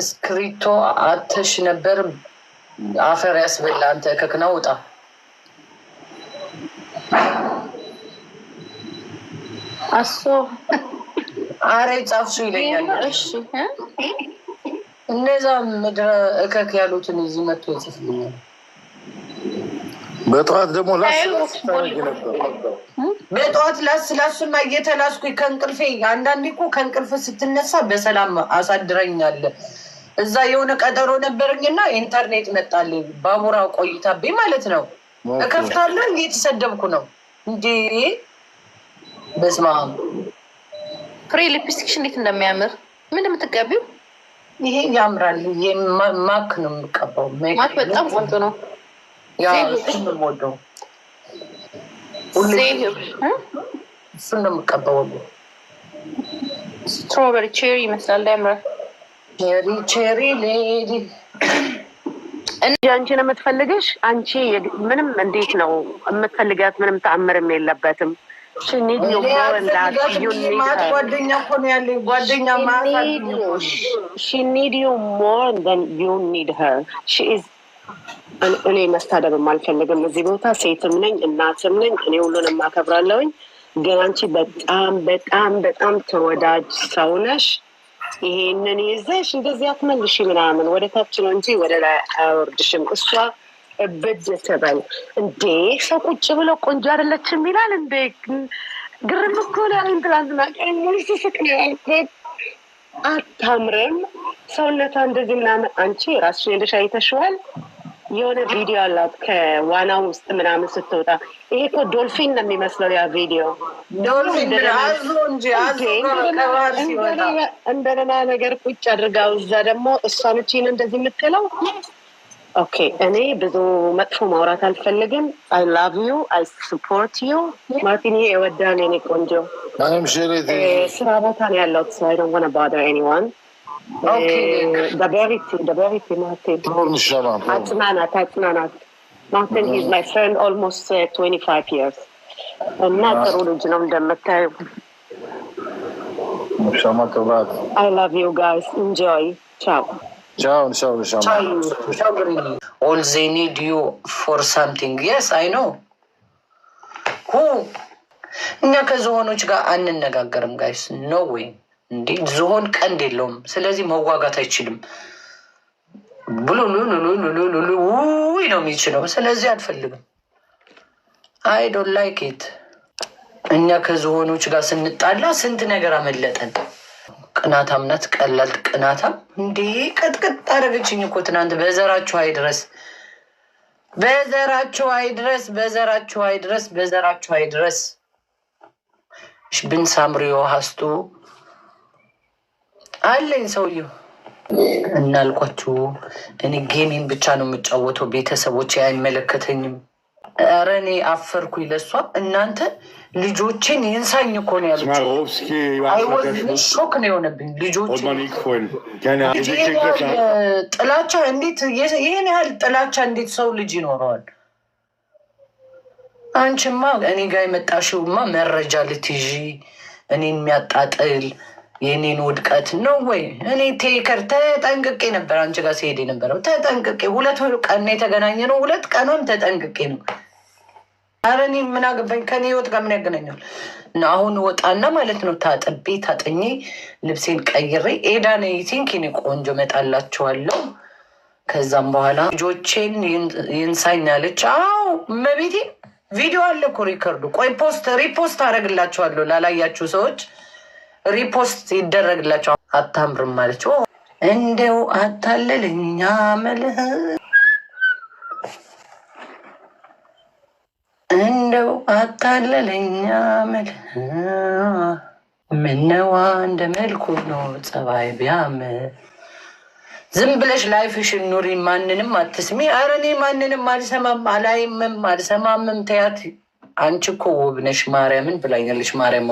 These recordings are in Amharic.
እስክሪቶ አተሽ ነበር። አፈር ያስበላ አንተ ከክና ውጣ። አሶ አሬ ጻፍሱ ይለኛል። እነዛ ምድረ እከክ ያሉትን እዚህ መጥቶ ይጽፍልኛል። በጠዋት ደግሞ በጠዋት ላስ ላሱና እየተላስኩ ከእንቅልፌ አንዳንዴ እኮ ከእንቅልፍ ስትነሳ በሰላም አሳድረኛለ እዛ የሆነ ቀጠሮ ነበረኝና ኢንተርኔት መጣልኝ። ባቡራ ቆይታብኝ ማለት ነው። እከፍታለሁ እየተሰደብኩ ነው እንዲ በስመ አብ። ፍሬ ሊፕስቲክሽ እንዴት እንደሚያምር ምን የምትቀቢው ይሄ ያምራል። ማክ ነው የምቀባው። ማክ በጣም ቆንጆ ነው። እሱን ነው የምቀባው። ስትሮበሪ ቼሪ ይመስላል ያምራል። ቸሪ ቸሪ ሌዲ አንቺን የምትፈልግሽ አንቺ ምንም እንዴት ነው የምትፈልጋት? ምንም ተአምርም የለበትም። ኒድ እኔ መስታደብም አልፈልግም። እዚህ ቦታ ሴትም ነኝ እናትም ነኝ። እኔ ሁሉንም አከብራለሁኝ። ግን አንቺ በጣም በጣም በጣም ተወዳጅ ሰው ነሽ። ይሄንን ይዘሽ እንደዚህ አትመልሽ ምናምን ወደ ታች ነው እንጂ ወደ ላይ አያወርድሽም። እሷ እበጀ ተባል እንዴ ሰው ቁጭ ብሎ ቆንጆ አይደለችም ይላል እንዴ ግርም እኮ ናለን። ትላንትና ቀን ሙሉ ነው ያልኩት። አታምርም ሰውነቷ እንደዚህ ምናምን። አንቺ ራስሽን ሄደሽ አይተሽዋል። የሆነ ቪዲዮ አላት ከዋና ውስጥ ምናምን ስትወጣ። ይሄ እኮ ዶልፊን ነው የሚመስለው ያ ቪዲዮ እንደገና ነገር ቁጭ አድርጋው እዛ ደግሞ እሷንችን እንደዚህ የምትለው ኦኬ፣ እኔ ብዙ መጥፎ ማውራት አልፈልግም። አይ ላቭ ዩ አይ ስፖርት ዩ ማርቲን፣ ይሄ የወዳን የኔ ቆንጆ ስራ ቦታ ነው ያለው ሰው አይ ዶንት ዋና ባደር ኤኒዋን דבר איתי, דבר איתי, מעטין. ברור נשמה. עצמנת, עצמנת. ማርቲን ሂዝ ማይ ፍሬንድ ኦልሞስት ትዌንቲ ፋይቭ ይርስ እና ጥሩ ልጅ ነው እንደምታየው። ነሻማ ክብራት። አይ ላቭ ዩ ጋይስ ኢንጆይ ቻው ቻው። ንሻው ንሻማ ኦል ዜ ኒድ ዩ ፎር ሳምቲንግ የስ አይ ኖ ሁ እኛ ከዝሆኖች ጋር አንነጋገርም ጋይስ ኖ ዌይ እንዴ ዝሆን ቀንድ የለውም፣ ስለዚህ መዋጋት አይችልም ብሎ ውይ ነው የሚችለው። ስለዚህ አንፈልግም። አይ ዶንት ላይክ ኢት። እኛ ከዝሆኖች ጋር ስንጣላ ስንት ነገር አመለጠን። ቅናታም ናት፣ ቀላል ቅናታም። እንዴ ቀጥቅጥ አደረገችኝ እኮ ትናንት። በዘራችሁ አይድረስ፣ በዘራችሁ አይድረስ፣ በዘራችሁ አይድረስ፣ በዘራችሁ አይድረስ ብን ሳምሪዮ ሀስቱ አለኝ ሰውዬው እናልኳችሁ እኔ ጌሜን ብቻ ነው የምጫወተው። ቤተሰቦች አይመለከተኝም። ኧረ እኔ አፈርኩኝ ለሷ። እናንተ ልጆችን ይንሳኝ እኮ ነው ያሉት። ሾክ ነው የሆነብኝ። ልጆች ጥላቻ እንዴት ይህን ያህል ጥላቻ እንዴት ሰው ልጅ ይኖረዋል? አንቺማ እኔ ጋር የመጣሽውማ መረጃ ልትይዥ እኔን የሚያጣጥል የኔን ውድቀት ነው ወይ? እኔ ቴከር ተጠንቅቄ ነበር፣ አንቺ ጋር ሲሄድ የነበረው ተጠንቅቄ፣ ሁለት ቀን የተገናኘ ነው። ሁለት ቀኗም ተጠንቅቄ ነው። አረ እኔ ምን አገባኝ? ከኔ ህይወት ጋር ምን ያገናኛል? እና አሁን ወጣና ማለት ነው ታጥቤ ታጥኜ ልብሴን ቀይሬ ኤዳነ ቲንክ ኔ ቆንጆ መጣላችኋለሁ። ከዛም በኋላ ልጆቼን ይንሳኛለች። አዎ መቤቴ ቪዲዮ አለ እኮ ሪከርዱ። ቆይ ፖስት ሪፖስት አደረግላችኋለሁ ላላያችሁ ሰዎች ሪፖስት ይደረግላቸው አታምርም ማለች። እንደው አታለልኛ መልህ እንደው አታለልኛ መልህ ምነዋ እንደ መልኩ ነው ጸባይ ቢያም ዝም ብለሽ ላይፍሽን ኑሪ፣ ማንንም አትስሚ። ኧረ እኔ ማንንም አልሰማም፣ አላይምም፣ አልሰማምም። ተያት አንቺ እኮ ውብ ነሽ ማርያምን ብላኛለች ማርያም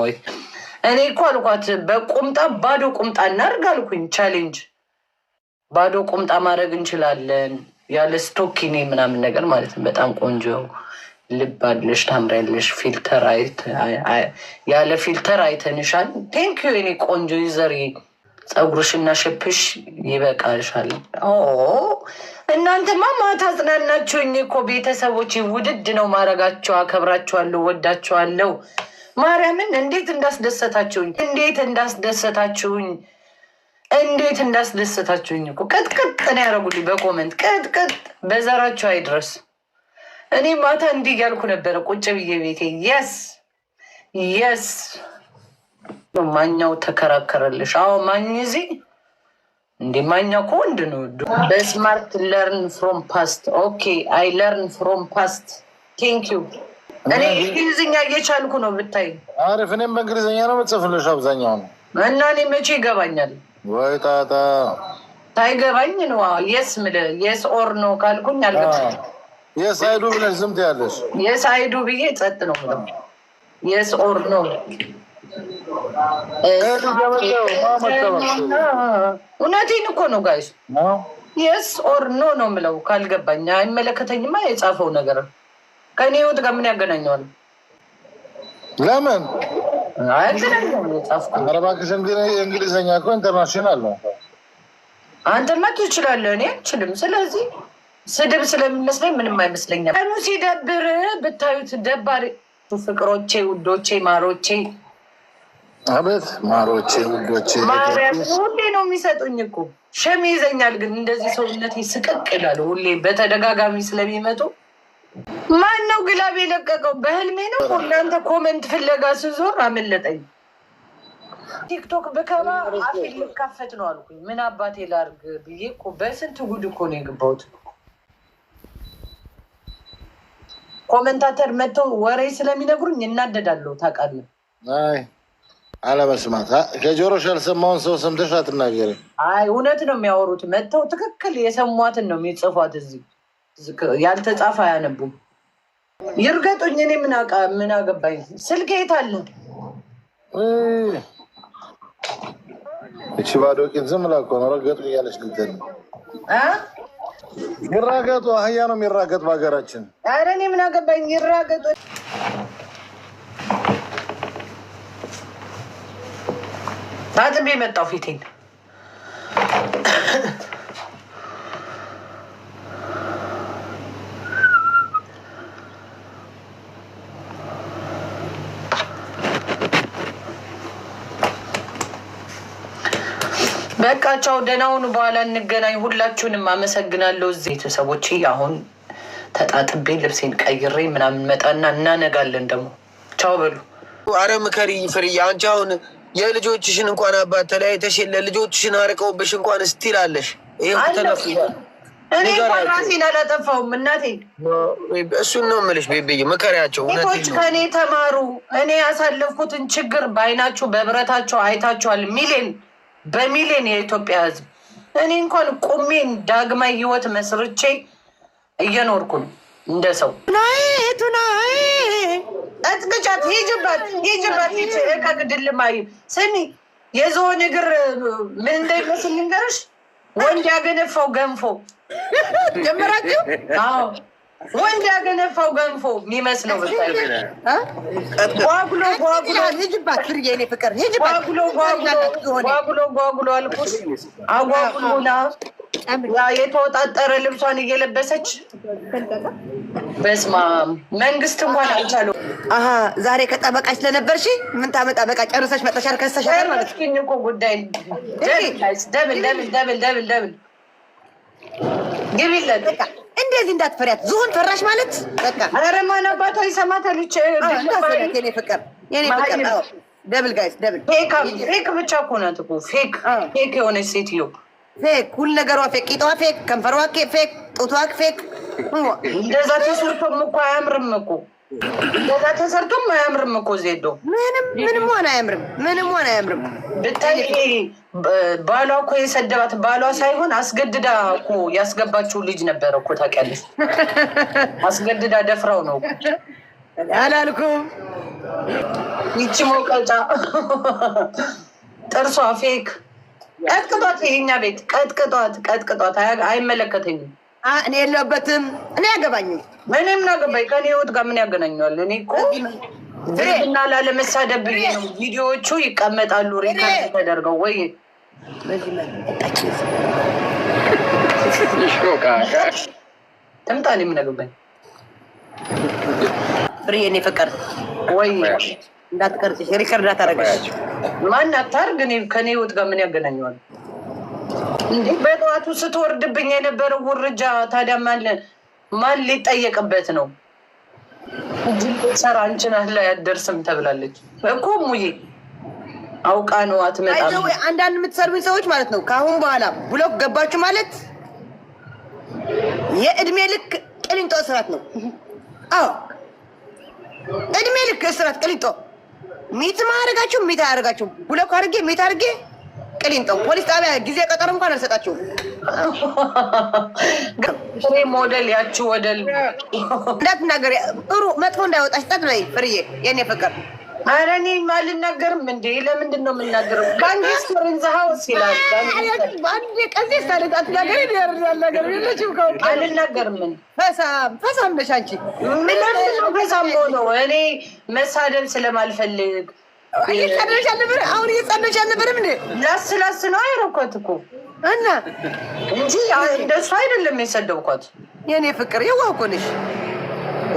እኔ እኮ አልኳት በቁምጣ ባዶ ቁምጣ እናድርግ አልኩኝ። ቻሌንጅ ባዶ ቁምጣ ማድረግ እንችላለን ያለ ስቶኪኔ ምናምን ነገር ማለት ነው። በጣም ቆንጆ ልብ አለሽ፣ ታምሪያለሽ። ፊልተር ያለ ፊልተር አይተንሻል። ቴንክ ዩ የኔ ቆንጆ ይዘሪ ፀጉርሽና ሽፕሽ ይበቃልሻል። እናንተማ ማታ አጽናናችሁኝ እኮ ቤተሰቦች። ውድድ ነው ማድረጋቸው። አከብራችኋለሁ፣ ወዳችኋለሁ። ማርያምን እንዴት እንዳስደሰታችሁኝ እንዴት እንዳስደሰታችሁኝ እንዴት እንዳስደሰታችሁኝ እኮ ቅጥቅጥ ነው ያደረጉልኝ በኮመንት ቅጥቅጥ። በዘራችሁ አይድረስ። እኔ ማታ እንዲህ ያልኩ ነበረ ቁጭ ብዬ ቤቴ። የስ የስ ማኛው ተከራከረልሽ። አዎ ማኝ ዚ እንዲ ማኛ እኮ ወንድ ነው። በስማርት ለርን ፍሮም ፓስት ኦኬ። አይ ለርን ፍሮም ፓስት ቴንክ ዩ እኔ እንግሊዝኛ እየቻልኩ ነው ብታይ። አሪፍ። እኔም በእንግሊዝኛ ነው የምጽፍልሽ አብዛኛው ነው እና እኔ መቼ ይገባኛል? ወይ ጣጣ ሳይገባኝ ነው የስ የስ ኦር ነው ካልኩኝ አልገባኝ። የስ አይዱ ብለሽ ዝም ትያለሽ። የስ አይዱ ብዬ ጸጥ ነው የስ ኦር ነው እውነቴን እኮ ነው ጋይስ። የስ ኦር ኖ ነው ምለው ካልገባኝ አይመለከተኝማ የጻፈው ነገር ከእኔ ህይወት ጋር ምን ያገናኘዋል? ለምን እባክሽ፣ እንግሊዝኛ እኮ ኢንተርናሽናል ነው። አንተማ ትችላለህ፣ እኔ አልችልም። ስለዚህ ስድብ ስለሚመስለኝ ምንም አይመስለኛል። ቀኑ ሲደብር ብታዩት ደባሪ ፍቅሮቼ፣ ውዶቼ፣ ማሮቼ አቤት ማሮቼ ውዶቼ፣ ሁሌ ነው የሚሰጡኝ እኮ ሸሚ ይዘኛል። ግን እንደዚህ ሰውነት ስቅቅ ይላል። ሁሌ በተደጋጋሚ ስለሚመጡ ማን ነው ግላብ የለቀቀው? በህልሜ ነው። እናንተ ኮመንት ፍለጋ ስዞር አመለጠኝ። ቲክቶክ ብከባ አፌ ልካፈት ነው አልኩኝ። ምን አባቴ ላርግ ብዬ እኮ በስንት ጉድ እኮ ነው የገባሁት። ኮመንታተር መጥተው ወሬ ስለሚነግሩኝ እናደዳለሁ። ታውቃለህ። አይ አለመስማት ከጆሮሽ ያልሰማውን ሰው ሰምተሽ አትናገሪ። አይ እውነት ነው የሚያወሩት። መጥተው ትክክል የሰሟትን ነው የሚጽፏት እዚህ ያልተጻፈ አያነቡም። ይርገጡኝ፣ እኔ ምን አገባኝ? ስልክ የት አለ? እቺ ባዶ ቂት ዝም ብላ እኮ ነው ረገጡኝ እያለች ልትል ይራገጡ። አህያ ነው የሚራገጥ በሀገራችን። ኧረ እኔ ምን አገባኝ? ይራገጡ። ታጥቤ መጣው ፊቴን በቃ ቻው፣ ደህና ሁኑ። በኋላ እንገናኝ። ሁላችሁንም አመሰግናለሁ። እዚህ ቤተሰቦች አሁን ተጣጥቤ ልብሴን ቀይሬ ምናምን መጣና እናነጋለን። ደግሞ ቻው በሉ። አረ ምከሪ ፍርዬ፣ አንቺ አሁን የልጆችሽን እንኳን አባት ተለያይተሽ የለ ልጆችሽን አርቀውብሽ እንኳን ስቲል አለሽ። እኔ እንኳን ራሴን አላጠፋሁም እናቴ። እሱን ነው የምልሽ ቤብዬ፣ ምከሪያቸው። ልጆች ከእኔ ተማሩ። እኔ ያሳለፍኩትን ችግር በአይናችሁ በብረታችሁ አይታችኋል ሚሊን በሚሊዮን የኢትዮጵያ ህዝብ እኔ እንኳን ቁሜን ዳግማ ህይወት መስርቼ እየኖርኩ ነው። እንደ ሰው እጥቅጫት ቀጥቅጫት ሂጅባት ሂጅባት ከግድልማይ ስሚ የዝሆን እግር ምን እንደሚመስል ልንገርሽ። ወንድ ያገነፋው ገንፎ ጀመራችሁ ወንድ ያገነፋው ገንፎ የሚመስለው ጓጉሎ ጓጉሎ አልኩት። አጓጉሎና የተወጣጠረ ልብሷን እየለበሰች በስመ መንግስት እንኳን አልቻሉ። ዛሬ ከጠበቃች ለነበርሽ ምን ታመጣ? በቃ ጨርሰሽ መጠሻል ከሰሻል ማለት እኮ ጉዳይ ደብል ደብል ደብል ደብል ደብል ግቢለት እንደዚህ እንዳትፈሪያት። ዝሆን ፈራሽ ማለት በቃ አረማን አባቷ ይሰማታል። የኔ ፍቅር የኔ ፍቅር ደብል ጋይስ ደብል ፌክ ብቻ ሁሉ ነገሯ ፌክ፣ ቂጧ ፌክ፣ ከንፈሯ ፌክ፣ ጡቷ ፌክ። እንደዛ ተሰርቶም እኮ አያምርም እኮ ገዛ ተሰርቶም አያምርም እኮ ዜዶ፣ ምንም ሆነ አያምርም። ምንም ሆነ አያምርም። ብታይ ባሏ እኮ የሰደባት ባሏ ሳይሆን አስገድዳ እኮ ያስገባችው ልጅ ነበረ እኮ ታውቂያለሽ። አስገድዳ ደፍራው ነው አላልኩም። ይቺ ሞቀጫ ጥርሷ ፌክ ቀጥቅጧት፣ ይሄኛ ቤት ቀጥቅጧት፣ ቀጥቅጧት። አይመለከተኝም እኔ የለበትም። እኔ ያገባኝ ምንም ናገባኝ። ከኔ ህይወት ጋር ምን ያገናኘዋል? እኔ እኮ ዝና ላለመሳደብ ነው። ቪዲዮዎቹ ይቀመጣሉ ሪከርድ ተደርገው ወይ ትምጣ። እኔ ምን ያገባኝ? ፍሬ የኔ ፍቅር ወይ እንዳትቀርጭ ሪከርድ አታረገች ማን አታርግ። ከኔ ህይወት ጋር ምን ያገናኘዋል? በጠዋቱ ስትወርድብኝ የነበረው ውርጃ ታዲያ ማን ማን ሊጠየቅበት ነው? ሰራ አንችናት ላይ አደርስም ተብላለች እኮ ሙዬ አውቃ ነው አትመጣም። አንዳንድ የምትሰርቡኝ ሰዎች ማለት ነው ከአሁን በኋላ ብሎክ ገባችሁ ማለት የእድሜ ልክ ቅሊንጦ እስራት ነው። አዎ እድሜ ልክ እስራት ቅሊንጦ ሚት ማያደርጋችሁ ሚት አያደርጋችሁ ብሎክ አድርጌ ሚት አድርጌ ቅሊንጦ ፖሊስ ጣቢያ ጊዜ ቀጠር እንኳን አልሰጣችሁም። ሞዴል ያችሁ ወደል እንዳትናገር ጥሩ መጥፎ እንዳይወጣሽ ጠጥ በይ ፍርዬ፣ የኔ ፍቅር። ኧረ እኔ አልናገርም እንዴ! ለምንድን ነው የምናገረው? ጋንጊስ ፍሬንዝ ሀውስ ይላል። አልናገርም። ፈሳም ፈሳም ነሽ አንቺ። ምንድን ነው ፈሳም ሆነው? እኔ መሳደብ ስለማልፈልግ እየጸለች አልነበረ? አሁን እየጸለች አልነበረም? እንደ ለስ ለስ ነው አይረኳት እኮ እና እንጂ እንደሱ አይደለም የሰደብኳት። የእኔ ፍቅር የዋህ እኮ ነሽ።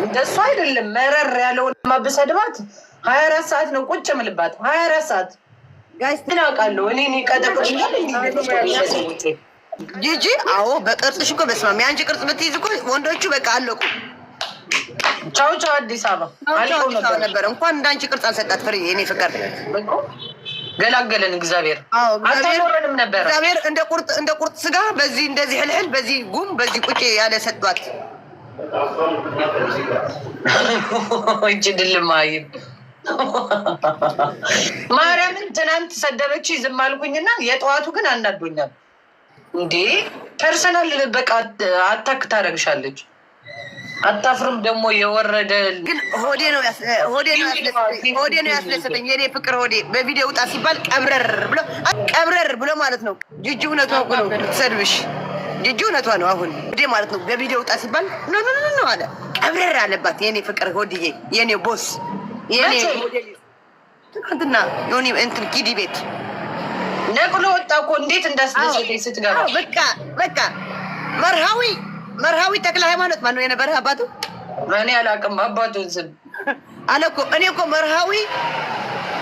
እንደሱ አይደለም መረር ያለውን ማብሰድባት ሀያ አራት ሰዓት ነው ቁጭ የምልባት ሀያ አራት ሰዓት ምን አውቃለሁ እኔ ጂጂ። አዎ በቅርጽሽ እኮ በስማሚ አንቺ ቅርጽ ብትይዝ እኮ ወንዶቹ በቃ አለቁ። ቻው ቻው። አዲስ አበባ ነበር። እንኳን እንዳንቺ ቅርጽ አልሰጣት ፍሬ። እኔ ፍቅር ገላገለን እግዚአብሔር። አዎ አታኖረንም ነበር እግዚአብሔር እንደ ቁርጥ እንደ ቁርጥ ስጋ በዚህ እንደዚህ ህልህል በዚህ ጉም በዚህ ቁጭ ያለ ሰጧት። እጅ ድልማይ አይም ማርያምን ትናንት ሰደበች፣ ዝም አልኩኝና የጠዋቱ ግን አናዶኛል። እንዴ ፐርሰናል በቃ አታክ ታደርግሻለች አታፍርም ደግሞ የወረደ ግን ሆዴ ነው ሆዴ ነው ያስደሰተኝ። የኔ ፍቅር ሆዴ በቪዲዮ ውጣ ሲባል ቀብረር ብሎ ቀብረር ብሎ ማለት ነው። ጅጅ እውነቷ እኮ ነው ሰድብሽ ጅጅ እውነቷ ነው። አሁን ሆዴ ማለት ነው በቪዲዮ ውጣ ሲባል ኖኖኖ አለ ቀብረር አለባት። የኔ ፍቅር ሆድዬ፣ የኔ ቦስ፣ የኔ ትናንትና ሆኒ እንትን ጊዲ ቤት ነቅሎ ወጣ እኮ እንዴት እንዳስደሰተኝ ስትገባ በቃ በቃ መርሃዊ መርሃዊ ተክለ ሃይማኖት ማነው የነበረ አባቱ? እኔ አላውቅም አባቱን ስም አለ እኮ እኔ እኮ መርሃዊ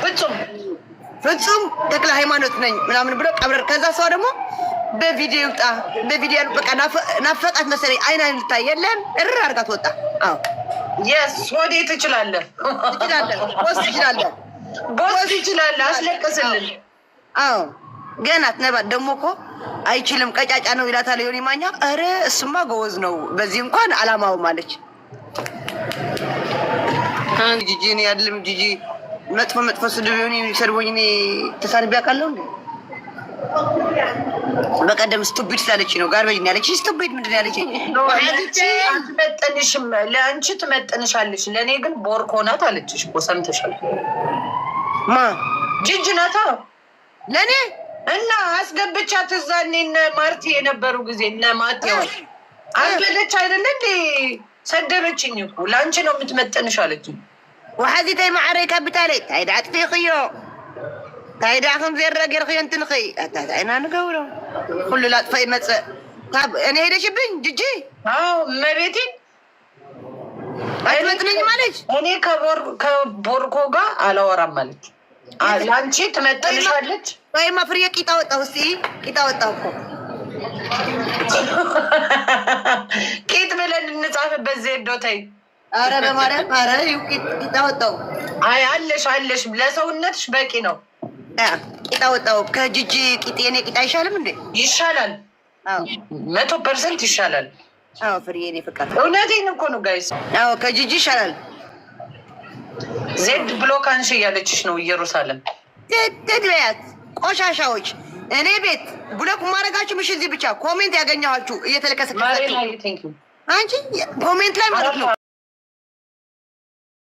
ፍጹም ፍጹም ተክለ ሃይማኖት ነኝ ምናምን ብሎ ቀብረር። ከዛ ሰው ደግሞ በቪዲዮ ይውጣ በቪዲዮ በቃ ናፈቃት መሰለኝ። አይን አይን ልታይ የለም እር አድርጋት ወጣ። የስ ወዴ ትችላለህ፣ ትችላለህ፣ ቦስ ትችላለህ፣ ቦስ ትችላለህ። አስለቀስልን። አዎ ገናት ነባ ደግሞ እኮ አይችልም ቀጫጫ ነው ይላታል ሊሆን ማኛ። ኧረ እሱማ ጎበዝ ነው፣ በዚህ እንኳን አላማውም አለች። ጂጂ እኔ አይደለም ጂጂ መጥፎ መጥፎ ስድብ ዮኒ ሰድቦኝ እኔ ተሳድቤ አውቃለሁ እንዴ? በቀደም ስቱፒድ ስላለች ነው ጋርቤጅ ነው ያለች። ስቱፒድ ምንድን ነው ያለች? አትመጥንሽም፣ ለአንቺ ትመጥንሻለች፣ ለእኔ ግን ቦርኮ ናት አለችሽ እኮ ሰምተሻል? ማ ጂጂ ናታ ለእኔ እና አስገብቻት እዛ እኔ ማርቲ የነበሩ ጊዜ እነ ማቴዎ አስገደች አይደለ እንዴ? ሰደበችኝ እኮ ለአንቺ ነው የምትመጠንሽ አለች። ወሓዚ ተይ ማዕረ ካብታለይ ታይዳ ኣጥፊ ኣጥፊኽዮ ታይዳ ከም ዘረ ጌርክዮ እንትንኽይ ኣታታይና ንገብሮ ኩሉ ላጥፋ ይመፅእ ካብ እኔ ሄደሽብኝ ጅጂ አዎ መቤቲ አይመጥነኝ ማለች እኔ ከቦርኮ ጋር አላወራም ማለች። ለአንቺ ትመጠንሻለች ወይ መፍሬ ቂጣ ወጣሁ። እስኪ ቂጣ ወጣሁ እኮ ቂጥ ብለን እንጻፍበት ዜዶ ተይ። አረ በማርያም አረ ቂጣ ወጣሁ። አይ አለሽ አለሽ፣ ለሰውነትሽ በቂ ነው። ቂጣ ወጣሁ ከጅጅ ቂጤ። የኔ ቂጣ አይሻልም እንዴ? ይሻላል፣ መቶ ፐርሰንት ይሻላል። አዎ ፍሬ የኔ ፍቃድ፣ እውነቴን እኮ ነው ጋይስ። አዎ ከጅጅ ይሻላል። ዜድ ብሎ ካንሽ እያለችሽ ነው ኢየሩሳሌም ዜድ ቆሻሻዎች እኔ ቤት ብሎክ ማድረጋችሁ ምሽል እዚህ ብቻ ኮሜንት ያገኘኋችሁ እየተለቀሰቀሳችሁ አንቺ ኮሜንት ላይ ማለት ነው።